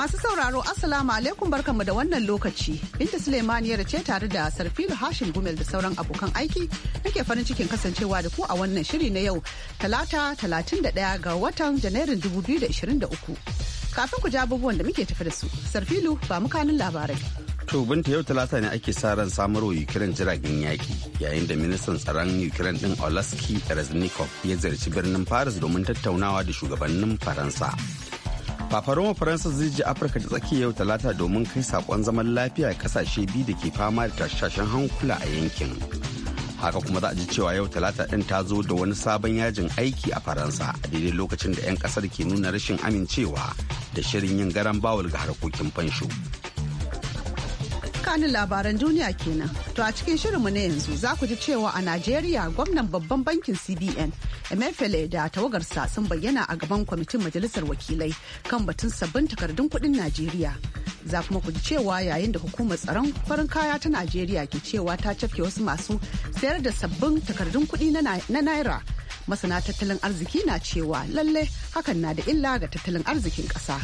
Masu sauraro Assalamu alaikum barkanmu da wannan lokaci. Binta Suleimaniyar ce tare da Sarfilu Hashim Gumel da sauran abokan aiki nake farin cikin kasancewa da ku a wannan shiri na yau talata 31 ga watan Janairun 2023. Kafin ku ji abubuwan da muke tafi da su, Sarfilu ba mu mukanin labarai. To binta yau talata ne ake sa ran samarwa Ukraine jiragen yaƙi yayin da ministan tsaron Ukraine din Olaski Reznikov ya ziyarci birnin Paris domin tattaunawa da shugabannin Faransa. Fafaroma Faransa zai je Afirka da tsakiya yau talata domin kai sakon zaman lafiya kasashe biyu da ke fama da tashashen hankula a yankin. Haka kuma za a ji cewa yau talata ɗin ta zo da wani sabon yajin aiki a Faransa a daidai lokacin da 'yan ƙasar ke nuna rashin amincewa da shirin yin garan bawul ga harkokin fansho. kanin labaran duniya kenan. To a cikin shirinmu na yanzu za ku ji cewa a Najeriya gwamnan babban bankin CBN emefele da tawagarsa sun bayyana a gaban kwamitin majalisar wakilai kan batun sabbin takardun kuɗin Najeriya. Za kuma ku ji cewa yayin da hukumar tsaron farin kaya ta Najeriya ke cewa ta cafke wasu masu sayar da sabbin takardun kuɗi na Naira. Masana tattalin arziki na cewa lalle hakan na da illa ga tattalin arzikin ƙasa.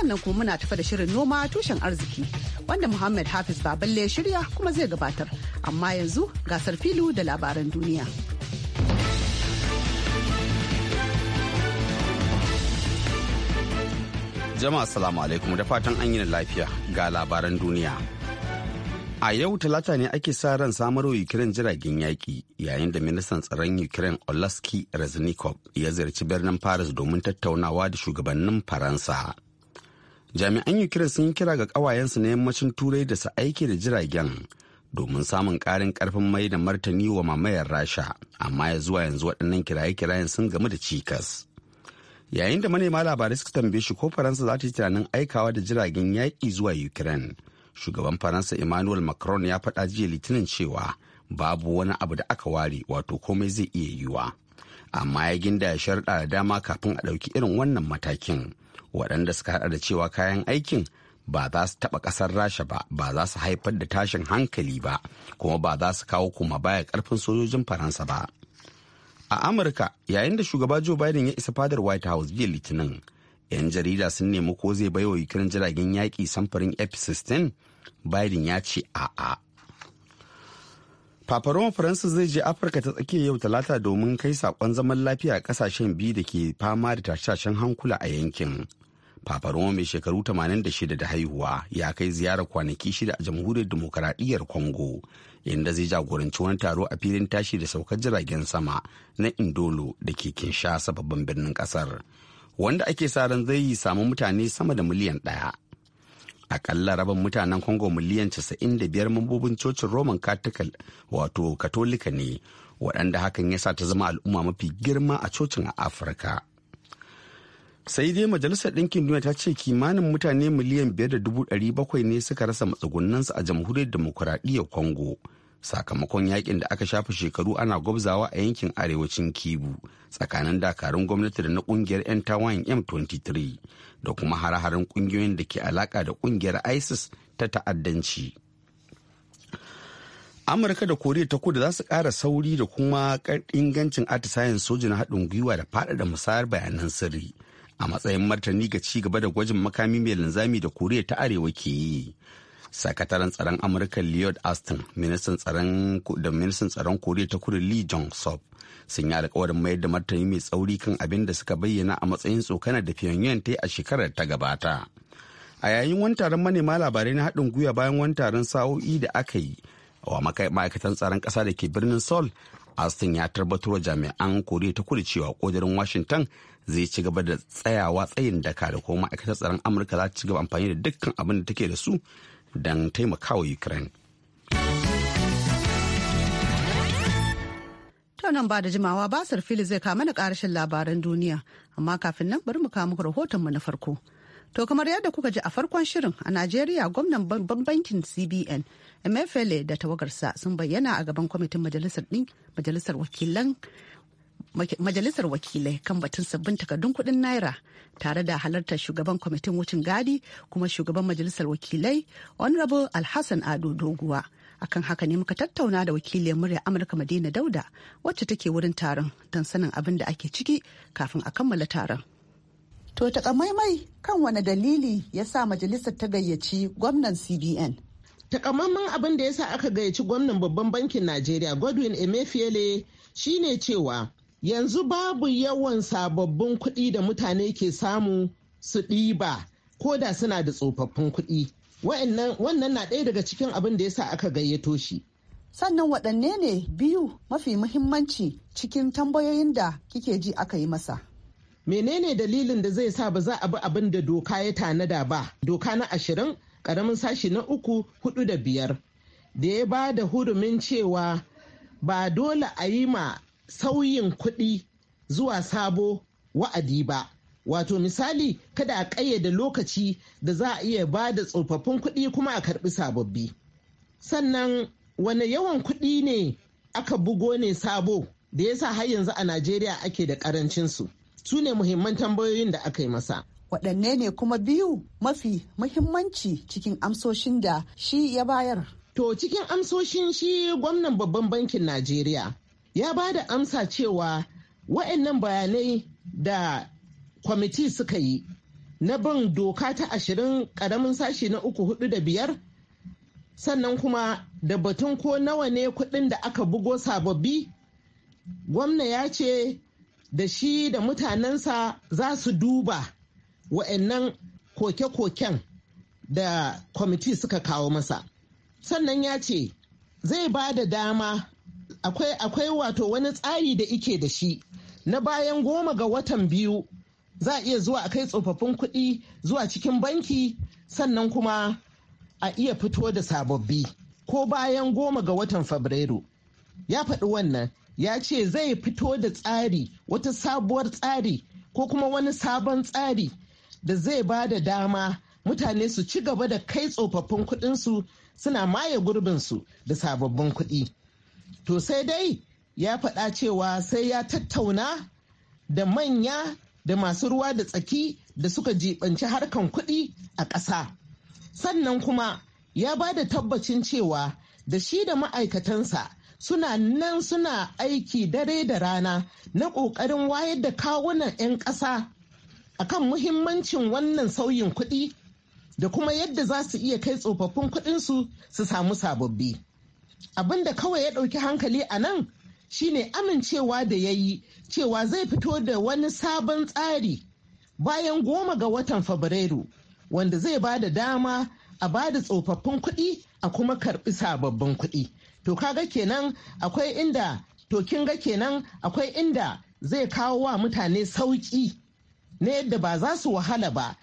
sannan kuma muna tafa da shirin noma tushen arziki wanda Muhammad Hafiz Baballe ya shirya kuma zai gabatar. Amma yanzu gasar filu da labaran duniya. Jama'a salamu alaikum da fatan an yi lafiya ga labaran duniya. A yau talata ne ake sa ran samarwa Ukraine jiragen yaƙi yayin da ministan tsaron Ukraine Olaski Reznikov ya ziyarci birnin Paris domin tattaunawa da shugabannin Faransa. jami'an ukraine sun yi kira ga su na yammacin turai da su aiki da jiragen domin samun karin karfin mai da martani wa mamayar rasha amma ya zuwa yanzu waɗannan kiraye-kirayen sun gamu da cikas yayin da manema labarai suka tambaye shi ko faransa za ta yi tunanin aikawa da jiragen yaƙi zuwa ukraine shugaban faransa emmanuel macron ya faɗa jiya litinin cewa babu wani abu da aka ware wato komai zai iya yiwuwa amma ya ginda ya sharɗa da dama kafin a ɗauki irin wannan matakin waɗanda suka hada da cewa kayan aikin ba za su taɓa ƙasar rasha ba ba za su haifar da tashin hankali ba kuma ba za su kawo kuma baya ƙarfin sojojin faransa ba a amurka yayin da shugaba joe biden ya isa fadar white house jiya litinin 'yan jarida sun nemi ko zai baiwa ukraine jiragen yaƙi samfurin f-16 biden ya ce a'a Paparoma Faransa zai je Afirka ta tsakiya yau talata domin kai sakon zaman lafiya a kasashen biyu da ke fama da tashashen hankula a yankin. Papa Roma mai shekaru 86 da haihuwa ya kai ziyara kwanaki shida a jamhuriyar demokaradiyyar Congo inda zai jagoranci wani taro a filin tashi da saukar jiragen sama na Indolo da ke Kinshasa babban birnin kasar wanda ake sa ran zai yi samu mutane sama da miliyan ɗaya. Akalla rabin mutanen Congo miliyan 95 mambobin cocin Roman Catholic wato Katolika ne waɗanda hakan ya sa ta zama al'umma mafi girma a cocin a Afirka. sai dai majalisar ɗinkin duniya ta ce kimanin mutane miliyan biyar da dubu ɗari bakwai ne suka rasa matsugunansu a jamhuriyar demokuraɗiyyar kongo sakamakon yakin da aka shafa shekaru ana gwabzawa a yankin arewacin kibu tsakanin dakarun gwamnati da na ƙungiyar 'yan tawayan m23 da kuma hare-haren kungiyoyin da ke alaka da ƙungiyar isis ta ta'addanci amurka da koriya ta kudu za su kara sauri da kuma ingancin atisayen soja na haɗin gwiwa da faɗaɗa musayar bayanan sirri a matsayin martani ga ci gaba da gwajin makami mai linzami da koriya ta arewa ke yi sakataren tsaron amurka lloyd aston ministan tsaron da ministan tsaron koriya ta kudu lee jong sop sun yi alkawarin mayar da martani mai tsauri kan abin da suka bayyana a matsayin tsokanar da pyongyang ta yi a shekarar ta gabata a yayin wani taron manema labarai na haɗin gwiwa bayan wani taron sa'o'i da aka yi wa ma'aikatan tsaron ƙasa da ke birnin seoul aston ya tabbatar wa jami'an koriya ta kudu cewa ƙudurin washington zai ci gaba da tsayawa tsayin daka da kuma ma'aikatar tsaron amurka za ta ci gaba amfani da dukkan abin da take da su don taimakawa ukraine To nan ba da jimawa ba fili zai kama da karashin labaran duniya amma kafin nan bari mu kawo muku mu na farko. To kamar yadda kuka ji a farkon shirin a Najeriya gwamnan babban bankin CBN mfla da tawagarsa sun bayyana a gaban kwamitin majalisar majalisar wakilan majalisar wakilai kan batun sabbin takardun kudin naira tare da halartar shugaban kwamitin wucin gadi kuma shugaban majalisar wakilai honorable alhassan ado doguwa akan haka ne muka tattauna da wakiliyar murya amurka madina dauda wacce take wurin taron don sanin abin da ake ciki kafin a kammala taron to takamaimai kan wani dalili ya sa majalisar ta gayyaci gwamnan cbn takamaiman abin da ya sa aka gayyaci gwamnan babban bankin najeriya godwin emefiele shine cewa yanzu babu yawan sababbin kuɗi da mutane ke samu su ɗiba ko da suna da tsofaffin kuɗi wannan na ɗaya daga cikin abin da ya sa aka gayyato shi sannan waɗanne ne biyu mafi muhimmanci cikin tambayoyin da kike ji aka yi masa menene dalilin da zai sa ba za a bi abin da doka ya tanada ba doka na ashirin ƙaramin sashi na uku hudu da biyar da ya ba da hurumin cewa ba dole a yi ma sauyin kuɗi zuwa sabo wa'adi ba wato misali kada a ƙayyade lokaci da za a iya ba da tsofaffin kuɗi kuma a karɓi sababbi sannan wane yawan kuɗi ne aka bugo ne sabo da ya sa har yanzu a najeriya ake da ƙarancinsu su ne muhimman tambayoyin da aka yi masa waɗanne ne kuma biyu mafi muhimmanci cikin amsoshin da shi ya bayar to cikin amsoshin shi gwamnan babban bankin najeriya ya ba da amsa cewa wa'annan bayanai da kwamiti suka yi na bin doka ta ashirin karamin sashi na uku hudu da biyar sannan kuma da batun ko nawa ne kudin da aka bugo sababbi gwamna ya ce da shi da mutanensa za su duba wa'annan koke-koken da kwamiti suka kawo masa sannan ya ce zai ba da dama akwai akwai wato wani tsari da ike da shi na bayan goma ga watan biyu za a iya zuwa a kai tsofaffin kuɗi zuwa cikin banki sannan kuma a iya fito da sababbi ko bayan goma ga watan fabrairu ya faɗi wannan ya ce zai fito da tsari wata sabuwar tsari ko kuma wani sabon tsari da zai ba da dama mutane su ci gaba da kai tsofaffin kuɗinsu suna maye gurbinsu da sababbin kuɗi To sai dai ya faɗa cewa sai ya tattauna da manya da masu ruwa da tsaki da suka jibanci harkan kuɗi a ƙasa. Sannan kuma ya ba da tabbacin cewa da shi da ma'aikatansa suna nan suna aiki dare da rana na ƙoƙarin wayar da kawunan 'yan ƙasa a kan muhimmancin wannan sauyin kuɗi da kuma yadda za su iya kai tsofaffin kuɗinsu su samu sababbi. abin da kawai ya ɗauki hankali a nan shine amincewa da ya yi cewa zai fito da wani sabon tsari bayan goma ga watan fabrairu wanda zai ba da dama a ba da tsofaffin kuɗi a kuma karɓi sababbin kuɗi to kaga kenan akwai inda to kin ga kenan akwai inda zai kawo wa mutane sauƙi na yadda ba za su wahala ba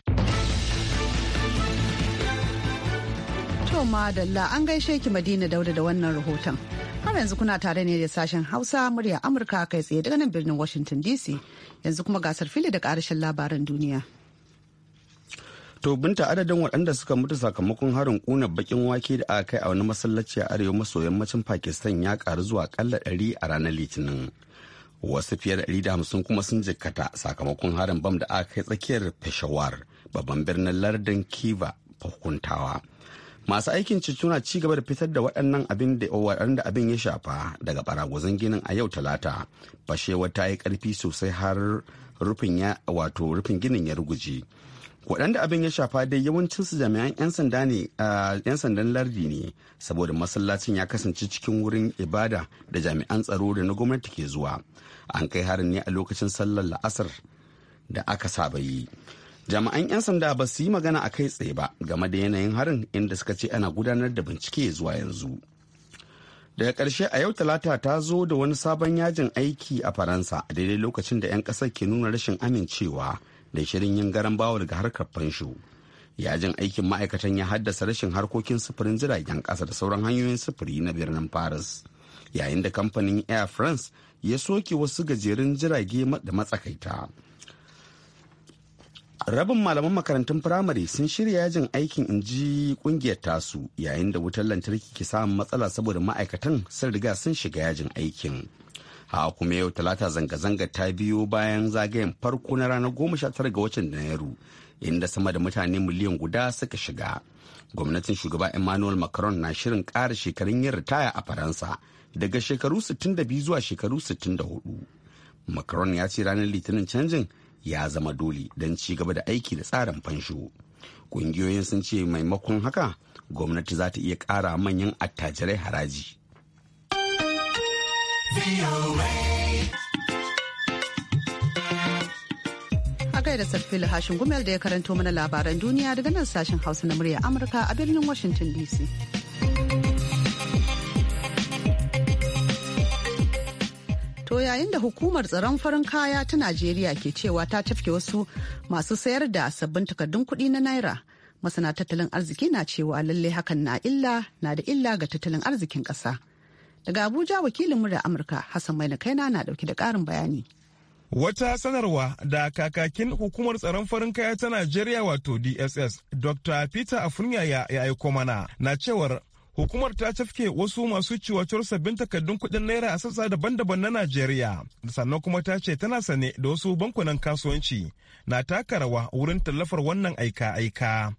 To madalla an gaishe ki Madina Dauda da wannan rahoton. Har yanzu kuna tare ne da sashen Hausa murya Amurka kai tsaye daga nan birnin Washington DC. Yanzu kuma gasar fili da karshen labaran duniya. To binta adadin waɗanda suka mutu sakamakon harin kuna bakin wake da aka kai a wani masallaci a arewa maso yammacin Pakistan ya karu zuwa kalla ɗari a ranar Litinin. Wasu fiye da ɗari da hamsin kuma sun jikkata sakamakon harin bam da aka kai tsakiyar Peshawar babban birnin lardin Kiva hukuntawa. masu aikin cutuna ci gaba da fitar da waɗannan abin da waɗanda abin ya shafa daga baragwazon ginin a yau talata fashewar ta yi ƙarfi sosai har rufin ya wato rufin ginin ya ruguje waɗanda abin ya shafa dai yawancinsu jami'an 'yan sanda ne yan sandan lardi ne saboda masallacin ya kasance cikin wurin ibada da jami'an tsaro da na gwamnati ke zuwa an kai harin ne a lokacin sallar la'asar da aka saba yi jami'an 'yan sanda ba su yi magana a kai tsaye ba game da yanayin harin inda suka ce ana gudanar da bincike zuwa yanzu daga karshe a yau talata ta zo da wani sabon yajin aiki a faransa a daidai lokacin da 'yan ƙasar ke nuna rashin amincewa da shirin yin garan bawa daga harkar fansho yajin aikin ma'aikatan ya haddasa rashin harkokin sufurin jiragen ƙasa da sauran hanyoyin sufuri na birnin paris yayin da kamfanin air france ya soke wasu gajerun jirage da matsakaita Rabin malaman makarantun firamare sun shirya yajin aikin in ji kungiyar tasu yayin da wutar lantarki ke samun matsala saboda ma'aikatan sun riga sun shiga yajin aikin. a kuma yau talata zanga-zanga ta biyo bayan zagayen farko na ranar goma sha tara ga watan yaro. inda sama da mutane miliyan guda suka shiga. Gwamnatin shugaba Emmanuel Macron na shirin kara shekarun yin ritaya a Faransa daga shekaru 62 zuwa shekaru hudu. Macron ya ce ranar Litinin canjin ya zama dole don ci gaba da aiki da tsarin fansho ƙungiyoyin sun ce maimakon haka gwamnati za ta iya ƙara manyan attajirai haraji kai da Sarfil Hashin Gumel da ya karanto mana labaran duniya daga nan sashen Hausa na murya Amurka a birnin Washington DC. to yayin da hukumar tsaron farin kaya ta Najeriya ke cewa ta tafke wasu masu sayar da sabbin takardun kuɗi na Naira. Masana tattalin arziki na cewa lalle hakan na illa na da illa ga tattalin arzikin ƙasa. Daga Abuja wakilin murya Amurka Hassan Maina Kaina na ɗauki da ƙarin bayani. Wata sanarwa da kakakin hukumar tsaron farin kaya ta Najeriya wato DSS, Dr. Peter Afunyaya ya aiko mana na cewar hukumar ta cafke wasu masu ciwacuwar sabbin takardun kuɗin naira a sassa daban-daban na najeriya sannan kuma ta ce tana sane da wasu bankunan kasuwanci na taka rawa wurin tallafar wannan aika-aika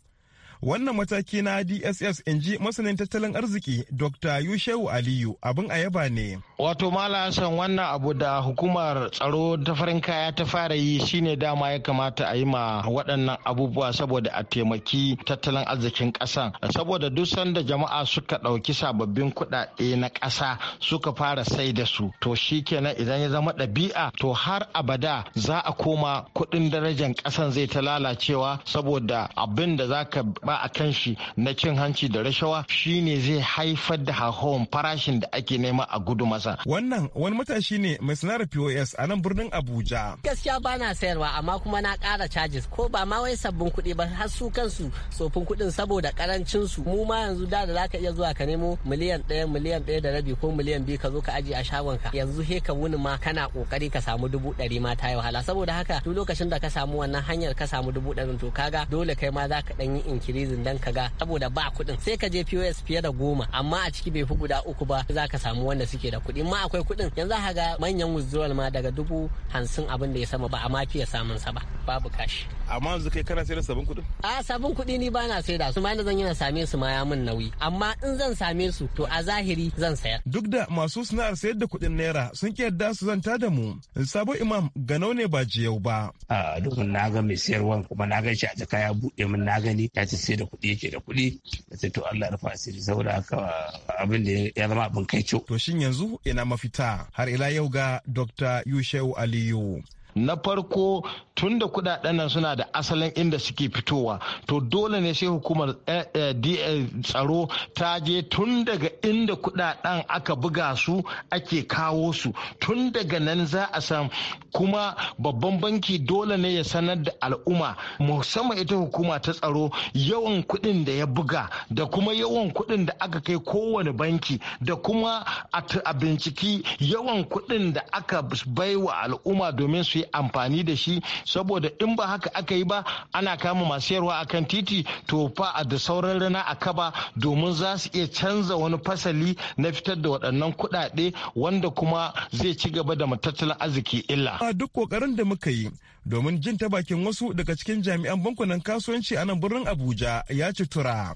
Wannan mataki na DSS in ji masanin tattalin arziki Dr. Yushewu Aliyu abin a yaba ne. Wato Mala wannan abu da hukumar tsaro ta farin kaya ta fara yi shine dama ya kamata a yi ma waɗannan abubuwa saboda a taimaki tattalin arzikin ƙasa. Saboda duk sanda jama'a suka ɗauki sababbin kuɗaɗe na ƙasa suka fara sai da su. To shi kenan idan ya zama ɗabi'a to har abada za a koma kuɗin darajar ƙasan zai ta lalacewa saboda abin da za ka ba ba a kan shi na cin hanci da rashawa shine zai haifar da hauhawan farashin da ake nema a gudu masa. Wannan wani matashi ne mai sana'ar POS a nan birnin Abuja. Gaskiya ba na sayarwa amma kuma na kara charges ko ba ma wai sabbin kuɗi ba har su kansu tsofin kuɗin saboda ƙarancin su mu ma yanzu da da zaka iya zuwa ka nemo miliyan ɗaya miliyan ɗaya da rabi ko miliyan biyu ka zo ka ajiye a shagon ka yanzu he ka wuni ma kana ƙoƙari ka samu dubu ɗari ma ta yi wahala saboda haka duk lokacin da ka samu wannan hanyar ka samu dubu ɗarin to kaga dole kai ma za ka ɗan yi inkiri reason dan ga saboda ba kuɗin sai ka je POS fiye da goma amma a ciki bai fi guda uku ba za ka samu wanda suke da kuɗi ma akwai kuɗin yanzu haka manyan withdrawal ma daga dubu hamsin abin da ya sama ba a ma fiye samun sa ba babu kashi amma yanzu kai kana sayar da sabon kuɗin a sabon kuɗi ni bana sai da su ma zan yi na same su ma ya mun nauyi amma in zan same su to a zahiri zan sayar duk da masu sana'ar sayar da kuɗin naira sun ki yadda su zanta da mu sabo imam ganau ne ba jiyau ba a duk na ga mai sayarwan kuma na gan shi a jaka ya buɗe min na gani ya ce sai da kuɗi yake da kuɗi ya ce to Allah rufa asiri saboda haka abin da ya zama abin kai to shin yanzu ina mafita har ila yau ga Dr. yushe Aliyu na farko tun da kudaden nan suna da asalin inda suke fitowa to dole ne sai hukumar eh, eh, eh, tsaro ta je tun daga inda kudaden aka buga su ake kawo su tun daga nan za a san kuma babban banki dole ne ya sanar da al'umma musamman ita hukuma ta tsaro yawan kudin da ya buga da kuma yawan kudin da aka kai kowane banki da kuma a binciki yawan kudin da aka baiwa al'umma domin su yi amfani da shi saboda in ba haka aka yi ba ana kama masu yarwa akan titi to fa a da sauran rana a kaba domin za su iya canza wani fasali na fitar da waɗannan kuɗaɗe wanda kuma zai ci gaba da matattalin arziki illa. A duk kokarin da muka yi domin jin ta bakin wasu daga cikin jami'an bankunan kasuwanci a nan birnin Abuja ya ci tura.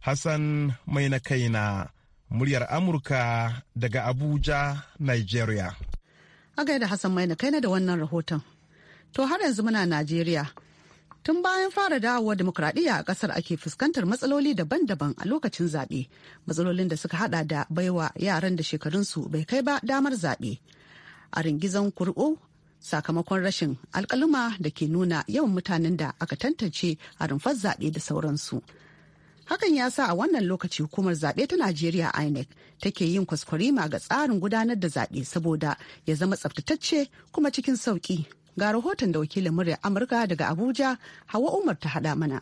Hassan mai na kaina muryar Amurka daga Abuja, Nigeria. A da Hassan Maina kai na da wannan rahoton. To har yanzu muna Najeriya. Tun bayan fara dawowar demokradiyya a kasar ake fuskantar matsaloli daban-daban a lokacin zaɓe. Matsalolin da suka hada da baiwa yaran da shekarunsu bai kai ba damar zaɓe. A ringizan kurɓo, sakamakon rashin alkaluma da ke nuna yawan mutanen da aka tantance a rumfar zaɓe da sauransu. Hakan ya sa a wannan lokaci hukumar zaɓe ta Najeriya INEC take yin kwaskwarima ga tsarin gudanar da zaɓe saboda ya zama tsaftatacce kuma cikin sauki Ga rahoton da wakilin murya Amurka daga Abuja, Hawa Umar ta haɗa mana.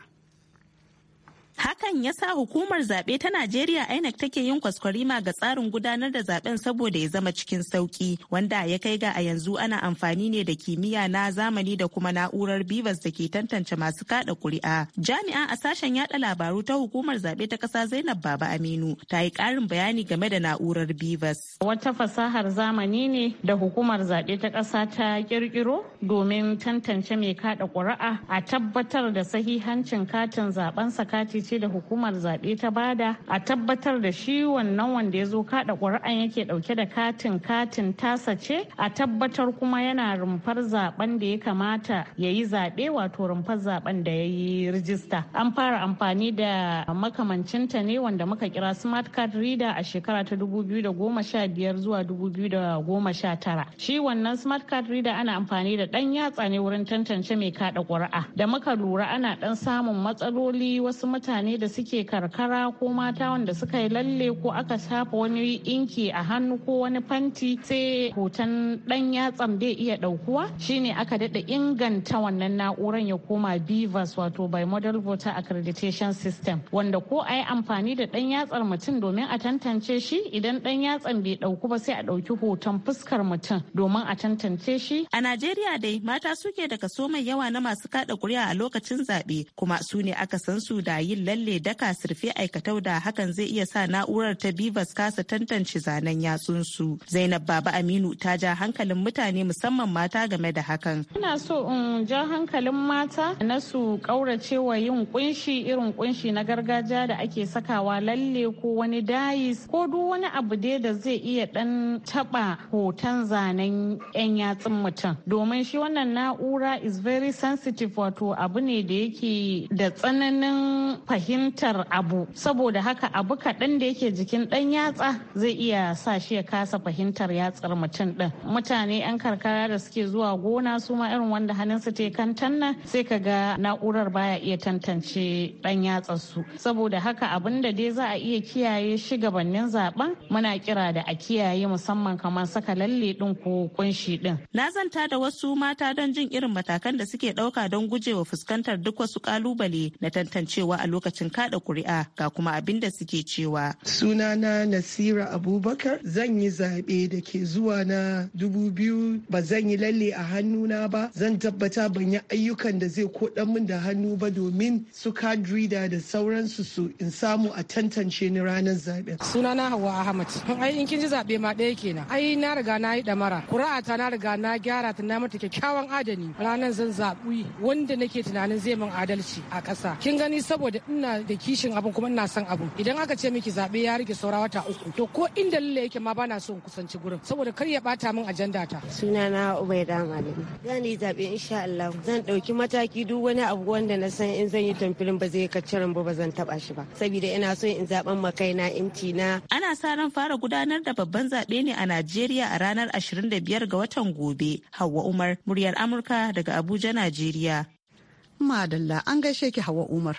Hakan ya sa hukumar zaɓe ta Najeriya INEC take yin kwaskwarima ga tsarin gudanar da zaɓen saboda ya zama cikin sauki wanda ya kai ga a yanzu ana amfani ne da kimiyya na zamani da kuma na'urar bivas da ke tantance masu kaɗa kuri'a. Jami'a a sashen yaɗa labaru ta hukumar zaɓe ta ƙasa Zainab Baba Aminu ta yi ƙarin bayani game da na'urar bivas. Wata fasahar zamani ne da hukumar zaɓe ta ƙasa ta ƙirƙiro domin tantance mai kaɗa ƙuri'a a tabbatar da sahihancin katin zaben sakati sai da hukumar zaɓe ta bada a tabbatar da shi wannan wanda ya zo kaɗa ƙuri'an yake ɗauke da katin katin tasa ce a tabbatar kuma yana rumfar zaben da ya kamata ya yi zaɓe wato rumfar zaɓen da ya yi rijista an fara amfani da makamancinta ne wanda muka kira smart card reader a shekara ta dubu biyu da goma sha biyar zuwa dubu biyu da goma sha tara shi wannan smart card reader ana amfani da ɗan yatsa ne wurin tantance mai kaɗa ƙuri'a da muka lura ana ɗan samun matsaloli wasu mutane mutane da suke karkara ko mata wanda suka yi lalle ko aka shafa wani inki a hannu ko wani fanti sai hoton dan yatsan bai iya daukuwa shine aka dada inganta wannan na'uran ya koma bivas wato by model voter accreditation system wanda ko a yi amfani da dan yatsar mutum domin a tantance shi idan dan yatsan bai dauku ba sai a dauki hoton fuskar mutum domin a tantance shi a najeriya dai mata suke da kaso mai yawa na masu kada kuri'a a lokacin zaɓe kuma su ne aka san su da yin yin lalle daka surfe aikatau da hakan zai iya sa na'urar ta bivas kasa tantance zanen yatsunsu zainab baba aminu ta ja hankalin mutane musamman mata game da hakan ina so in ja hankalin mata na su kaurace wa yin kunshi irin kunshi na gargajiya da ake sakawa lalle ko wani dais ko duk wani abu dai da zai iya dan taba hoton zanen yan yatsun mutum domin shi wannan na'ura is very sensitive wato abu ne da yake da tsananin fahimtar abu saboda haka abu kaɗan da yake jikin ɗan yatsa zai iya sa shi ya kasa fahimtar yatsar mutum ɗin mutane 'yan karkara da suke zuwa gona su ma irin wanda hannunsu ta kantan nan sai ka ga na'urar baya iya tantance ɗan yatsar su saboda haka abin da dai za a iya kiyaye shi gabanin zaben muna kira da a kiyaye musamman kamar saka lalle ɗin ko kunshi ɗin. Na zanta da wasu mata don jin irin matakan da suke ɗauka don gujewa fuskantar duk wasu ƙalubale na tantancewa a lokacin lokacin kada kuri'a ga kuma abin da suke cewa. Sunana Nasira Abubakar zan yi zaɓe da ke zuwa na dubu biyu ba zan yi lalle a hannu na ba zan tabbata ban yi ayyukan da zai koɗan min da hannu ba domin su kadrida da sauransu su in samu a tantance ni ranar zaɓen. Sunana Hauwa Ahmad. Ai in kin ji zaɓe ma ɗaya kenan. Ai na riga na yi ɗamara. Kura'a ta na riga na gyara ta na mata kyakkyawan adani. Ranar zan zaɓi wanda nake tunanin zai min adalci a ƙasa. Kin gani saboda ina da kishin abin kuma ina son abu idan aka ce miki zaɓe ya rike saura wata uku to ko in lalle yake ma bana son kusanci gurin saboda kar ya bata min ajanda ta suna na ubaida malami zan yi zaɓe insha Allah zan ɗauki mataki duk wani abu wanda na san in zan yi tamfilin ba zai kaccirin ba ba zan taɓa shi ba saboda ina so in zaɓen makaina inci na ana sa ran fara gudanar da babban zaɓe ne a Najeriya a ranar 25 ga watan gobe Hauwa Umar muryar Amurka daga Abuja Najeriya Madalla an gaishe ki Hauwa Umar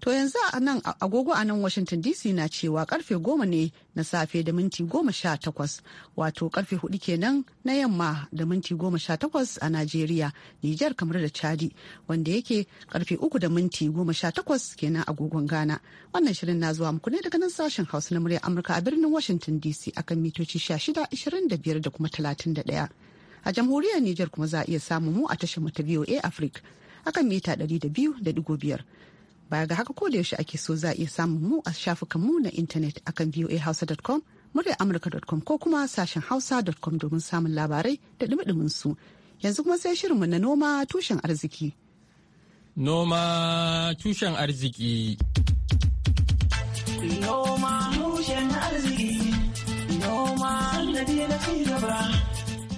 To yanzu a nan agogo a nan Washington DC na cewa karfe goma ne na safe da minti goma sha takwas wato karfe hudu kenan na yamma da minti goma sha takwas a Najeriya, Nijar kamar da Chadi wanda yake karfe uku da minti goma sha takwas kenan agogon Ghana. Wannan shirin na zuwa muku ne daga nan sashen Hausa na murya Amurka a birnin Washington DC akan mitoci sha shida ishirin da biyar da kuma talatin da daya A jamhuriyar Nijar kuma za a iya samun mu a tashar mu ta VOA Africa akan mita ɗari da biyu da digo biyar. Baya ga haka ko da yaushe ake so za a iya samun mu a shafukan mu na intanet akan voahausa.com, muryar amurka.com ko kuma sashen hausa.com domin samun labarai da dumi su. Yanzu kuma sai shirinmu na noma tushen arziki. Noma tushen arziki. na ci gaba.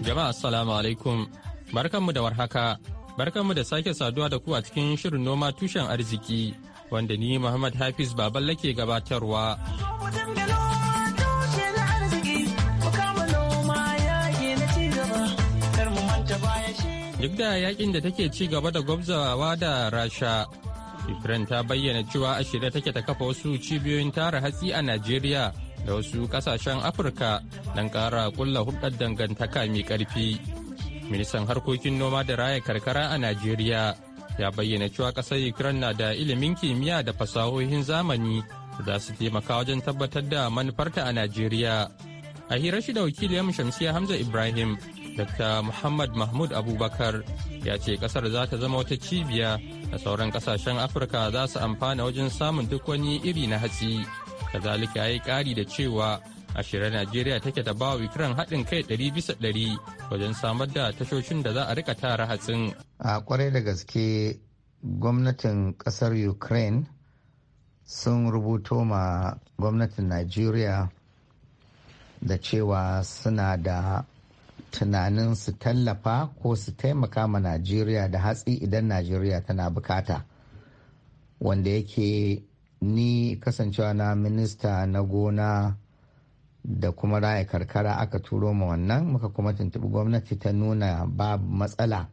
Jama'a assalamu alaikum. Barkanmu da warhaka. mu da sake saduwa da ku a cikin shirin noma tushen arziki wanda ni Muhammad Hafiz Baballe ke gabatarwa. Duk da yakin da take ci gaba da gwabzawa da Rasha, Ukraine ta bayyana cewa a shirye take ta kafa wasu cibiyoyin tara hatsi a Najeriya da wasu kasashen Afirka don ƙara kulla hulɗar dangantaka mai ƙarfi. ministan harkokin noma da raya karkara a najeriya ya bayyana cewa ƙasar ukraine na da ilimin kimiyya da fasahohin zamani za su taimaka wajen tabbatar da manufarta a najeriya a hirar shi da wakiliyar shamsiya hamza ibrahim dr muhammad mahmud abubakar ya ce ƙasar za ta zama wata cibiya da sauran ƙasashen afirka za su amfana wajen samun duk wani iri na hatsi kazalika ya yi ƙari da cewa a shirye najeriya take da bawa ukraine haɗin kai ɗari bisa ɗari wajen samar da tashoshin da za a rika tara hatsin a kwarai da gaske gwamnatin ƙasar ukraine sun rubuto ma gwamnatin najeriya da cewa suna da tunanin su tallafa ko su taimaka ma najeriya da hatsi idan najeriya tana bukata wanda yake ni kasancewa na minista na gona da kuma raya karkara aka turo ma wannan muka kuma tuntubi gwamnati ta nuna babu matsala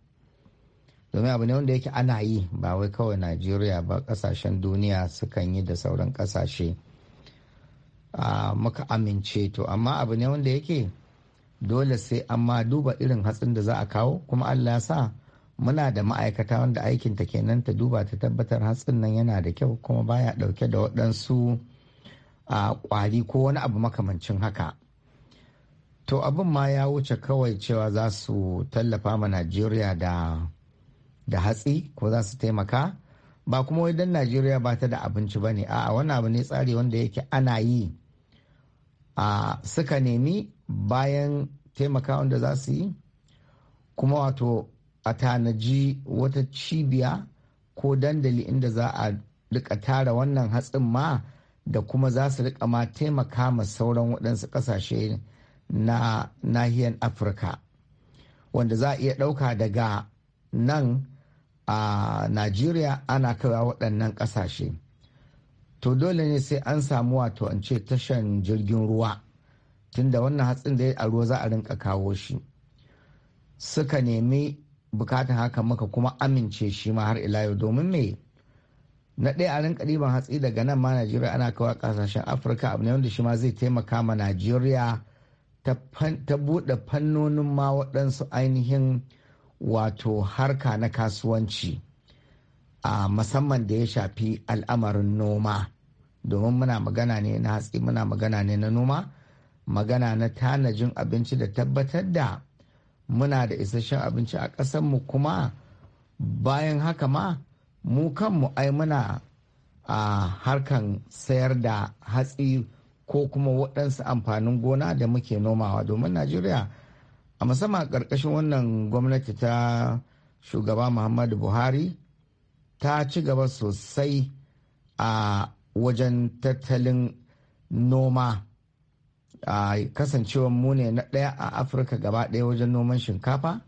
domin abu ne wanda yake ana yi ba wai kawai najeriya ba kasashen duniya sukan yi da sauran kasashe muka amince to amma abu ne wanda yake dole sai amma duba irin hatsin da za a kawo kuma allah sa muna da ma'aikata wanda aikinta kenan ta duba ta tabbatar hatsin nan yana da kyau kuma baya dauke da waɗansu a kwari ko wani abu makamancin haka to abin ma ya wuce kawai cewa za su tallafa ma najeriya da da hatsi ko za su taimaka ba kuma wai dan najeriya ba ta da abinci ba ne a wani abu ne tsari wanda yake ana yi a suka nemi bayan taimaka wanda za su yi kuma wato a tanaji wata cibiya ko dandali inda za a rika tara wannan hatsin ma da kuma za su rika ma taimaka ma sauran waɗansu ƙasashe na nahiyar afirka wanda za a iya ɗauka daga nan a najeriya ana kaiwa waɗannan ƙasashe to dole ne sai an samu wato an ce tashan jirgin ruwa tunda wannan hatsin da a ruwa za a rinka kawo shi suka nemi bukatan haka muka kuma amince shi ma har ila yau domin me na ɗaya a rinka ɗiban hatsi daga nan ma najeriya ana kawo ƙasashen afirka abu ne wanda shi ma zai taimaka ma najeriya ta buɗe fannonin ma waɗansu ainihin wato harka na kasuwanci a musamman da ya shafi al'amarin noma domin muna magana ne na hatsi muna magana ne na noma magana na tanajin abinci da tabbatar da muna da isasshen abinci a ƙasarmu kuma bayan haka ma mu kanmu ai muna a harkan sayar da hatsi ko kuma waɗansu amfanin gona da muke nomawa domin najeriya a musamman ƙarƙashin wannan gwamnati ta shugaba muhammadu buhari ta ci gaba sosai a wajen tattalin noma a kasancewa mu ne na ɗaya a afirka gaba ɗaya wajen noman shinkafa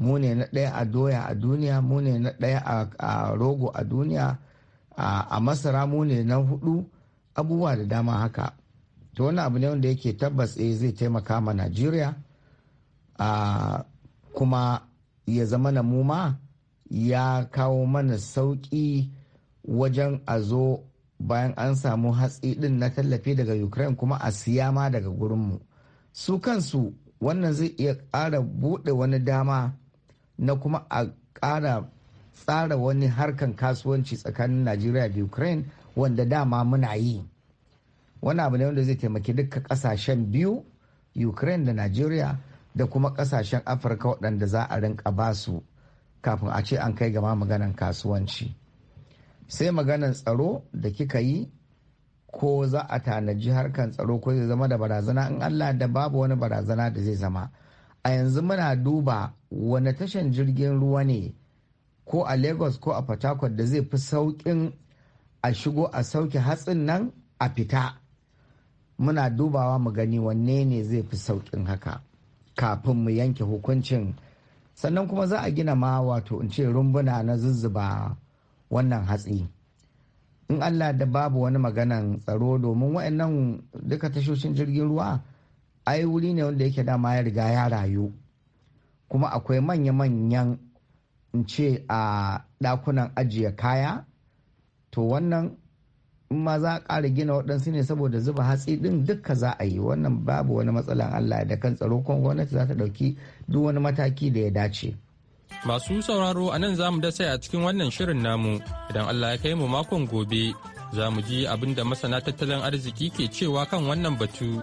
mu ne na ɗaya a doya a duniya mu ne na ɗaya a rogo a duniya a masara mu ne na hudu abubuwa da dama haka to wani abu ne wanda yake tabbas eh zai taimaka ma najeriya kuma ya zama na mu ma ya kawo mana sauƙi wajen a zo bayan an samu hatsi ɗin na tallafi daga ukraine kuma a siya ma daga gurinmu su kansu wannan zai iya ƙara buɗe wani dama na kuma a ƙara tsara wani harkan kasuwanci tsakanin najeriya da ukraine wanda dama muna yi wani abu ne wanda zai taimaki duka kasashen biyu ukraine da najeriya da kuma kasashen afirka waɗanda za a rinka ba su kafin a ce an kai gama maganan kasuwanci sai maganan tsaro da kika yi ko za a tanaji harkan tsaro ko zai zama da barazana in allah da babu wani barazana da zai zama a yanzu muna duba wane tashan jirgin ruwa ne ko a lagos ko a fatakwal da zai fi sauƙin a shigo a sauke hatsin nan a fita muna dubawa mu gani wanne ne zai fi sauƙin haka kafin mu yanke hukuncin sannan kuma za a gina ma wato in ce rumbuna na zuzzuba wannan hatsi in allah da babu wani maganan tsaro domin waɗannan duka tashoshin jirgin ruwa ai wuri ne wanda yake dama ya riga ya rayu kuma akwai manya-manyan in ce a dakunan ajiye kaya to wannan in ma za a ƙara gina waɗansu ne saboda zuba hatsi ɗin dukka za a yi wannan babu wani matsalan Allah da kan tsaro kuma gwamnati za ta ɗauki duk wani mataki da ya dace. Masu sauraro a nan za mu dasa a cikin wannan shirin namu idan Allah ya kai mu makon gobe za mu ji abin da masana tattalin arziki ke cewa kan wannan batu.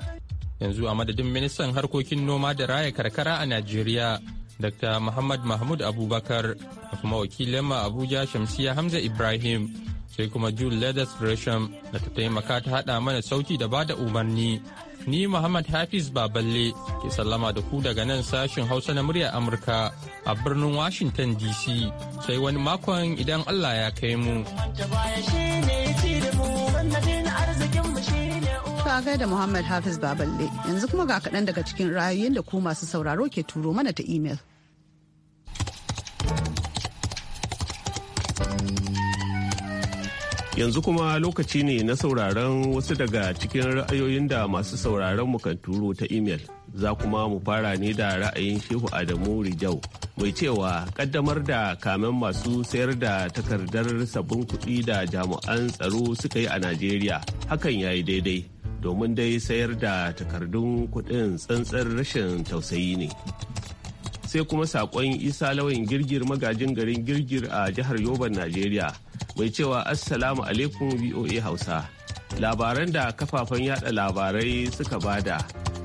yanzu a madadin ministan harkokin noma da raya karkara a najeriya dr muhammad mahmud abubakar da kuma wakilin ma abuja shamsiya hamza ibrahim sai kuma jul leathers gresham da ta taimaka ta hada mana sauti da bada umarni ni muhammad hafiz baballe ke sallama da ku daga nan sashin hausa na murya amurka a birnin washington dc sai wani makon idan allah ya kai mu. ga da Muhammad Hafiz Baballe yanzu kuma ga kaɗan daga cikin ra'ayoyin da ku masu sauraro ke turo mana ta imel. Yanzu kuma lokaci ne na sauraron wasu daga cikin ra'ayoyin da masu sauraron mu kan turo ta imel. Za kuma mu fara ne da ra'ayin Shehu Adamu Rijau mai cewa kaddamar da kamen masu sayar da takardar sabbin kuɗi da jami'an tsaro suka yi a Najeriya hakan ya yi daidai. domin dai sayar da takardun kuɗin tsantsar rashin tausayi ne sai kuma saƙon isa lawan girgir magajin garin girgir a jihar yoban najeriya mai cewa assalamu alaikum voa hausa labaran da kafafen yada labarai suka bada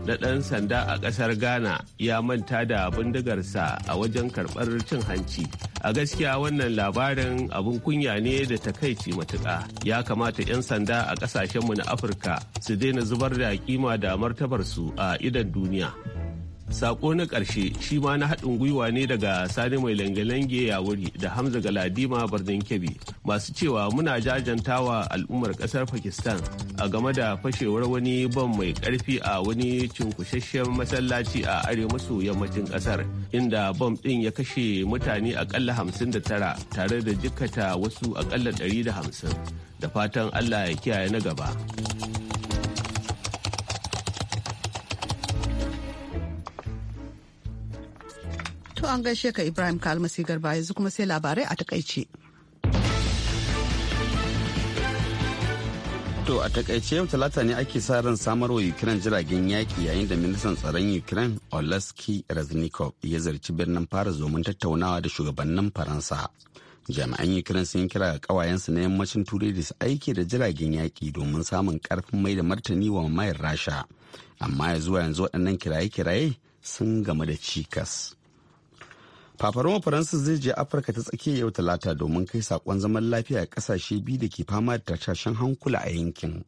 na ɗan sanda a ƙasar ghana ya manta da bindigarsa a wajen karɓar cin hanci a gaskiya wannan labarin abin kunya ne da takaici matuƙa ya kamata 'yan sanda a ƙasashenmu na afirka su daina zubar da kima da martabarsu a idan duniya Sako na karshe shi ma na haɗin gwiwa ne daga Sani mai lange-lange ya wuri da Hamza Galadima birnin Kebbi masu cewa muna jajantawa al'ummar ƙasar Pakistan a game da fashewar wani bam mai karfi a wani cinkushasshen masallaci a arewa maso yammacin ƙasar inda bam ɗin ya kashe mutane aƙalla hamsin da tara tare da jikata wasu aƙalla ɗari da hamsin da fatan Allah ya kiyaye na gaba. To an gaishe ka Ibrahim Kalmasi Garba yanzu kuma sai labarai a takaice. To a takaice yau talata ne ake sa ran samarwa wa Ukraine jiragen yaƙi yayin da ministan tsaron Ukraine Oleski Reznikov ya zarci birnin fara domin tattaunawa da shugabannin Faransa. Jami'an Ukraine sun kira ga ƙawayensu na yammacin Turai da su aiki da jiragen yaƙi domin samun karfin mai da martani wa mayar Rasha. Amma ya zuwa yanzu waɗannan kiraye-kiraye sun gamu da cikas. Fafaroma Faransa zai je Afirka ta tsakiya yau talata domin kai sakon zaman lafiya a kasashe biyu da ke fama da tashashen hankula a yankin.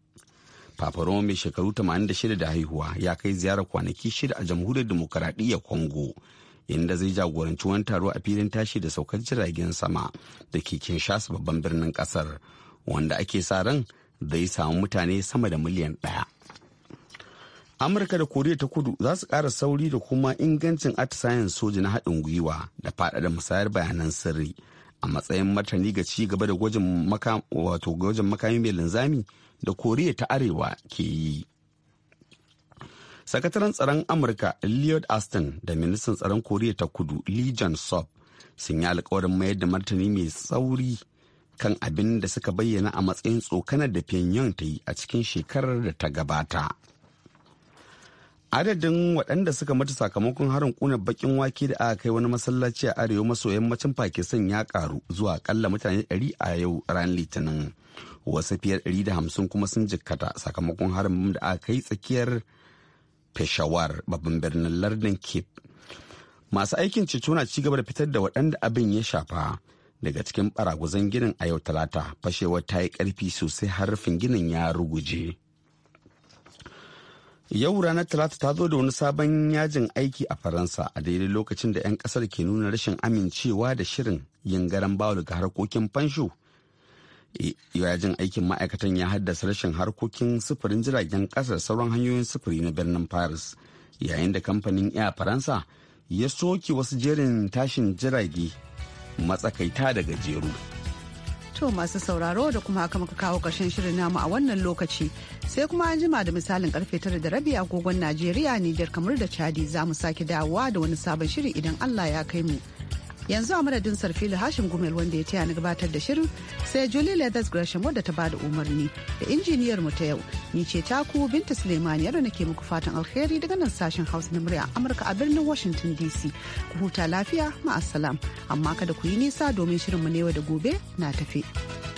Fafaroma mai shekaru 86 da haihuwa ya kai ziyarar kwanaki shida a jamhuriyar demokaradiyyar Congo inda zai jagoranci wani taro a filin tashi da saukar jiragen sama da ke Kinshasa babban birnin kasar wanda ake sa ran zai samu mutane sama da miliyan ɗaya. amurka da koriya ta kudu za su ƙara sauri da kuma ingancin atisayen soja na haɗin gwiwa da faɗaɗa musayar bayanan sirri a matsayin martani ga ci gaba da gwajin makami mai linzami da koriya ta arewa ke yi sakataren tsaron amurka lloyd austin da ministan tsaron koriya ta kudu lee john sop sun yi alkawarin mayar da martani mai sauri kan abin da suka bayyana a matsayin tsokanar da pyongyang ta yi a cikin shekarar da ta gabata. adadin waɗanda suka mutu sakamakon harin kuna bakin wake da aka kai wani masallaci a arewa maso yammacin pakistan ya karu zuwa akalla mutane 100 a yau ran litinin wasu fiye da 150 kuma sun jikkata sakamakon harin da aka kai tsakiyar peshawar babban birnin lardin cape masu aikin ceto na ci gaba da fitar da waɗanda abin ya shafa daga cikin baraguzan ginin a yau talata fashewar ta yi ƙarfi sosai har rufin ginin ya ruguje. Yau ranar Talata ta zo da wani sabon yajin aiki a Faransa a daidai lokacin da 'yan kasar ke nuna rashin amincewa da shirin yin garan bawul ga harkokin fansho. E, yajin aikin ma'aikatan ya haddasa rashin harkokin sufurin jiragen kasar sauran hanyoyin sufuri na birnin Paris, yayin da kamfanin Air Faransa ya soke wasu jerin tashin jirage matsakaita da gajeru. To masu sauraro da kuma haka muka kawo ƙarshen shirin namu a wannan lokaci sai kuma an jima da misalin karfe tara da rabi agogon Najeriya Nijar kamar da Chadi za mu sake dawowa da wani sabon shiri idan Allah ya kai mu. yanzu a madadin sarfili hashin gumel wanda ya taya na gabatar da shirin sai julie leathers gresham wadda ta bada umarni da injiniyar mu ta yau ni ce taku binta suleiman yadda nake muku fatan alheri daga nan sashen hausa na murya amurka a birnin washington dc ku huta lafiya ma'asalam amma kada ku yi nisa domin shirin mu ne da gobe na tafi.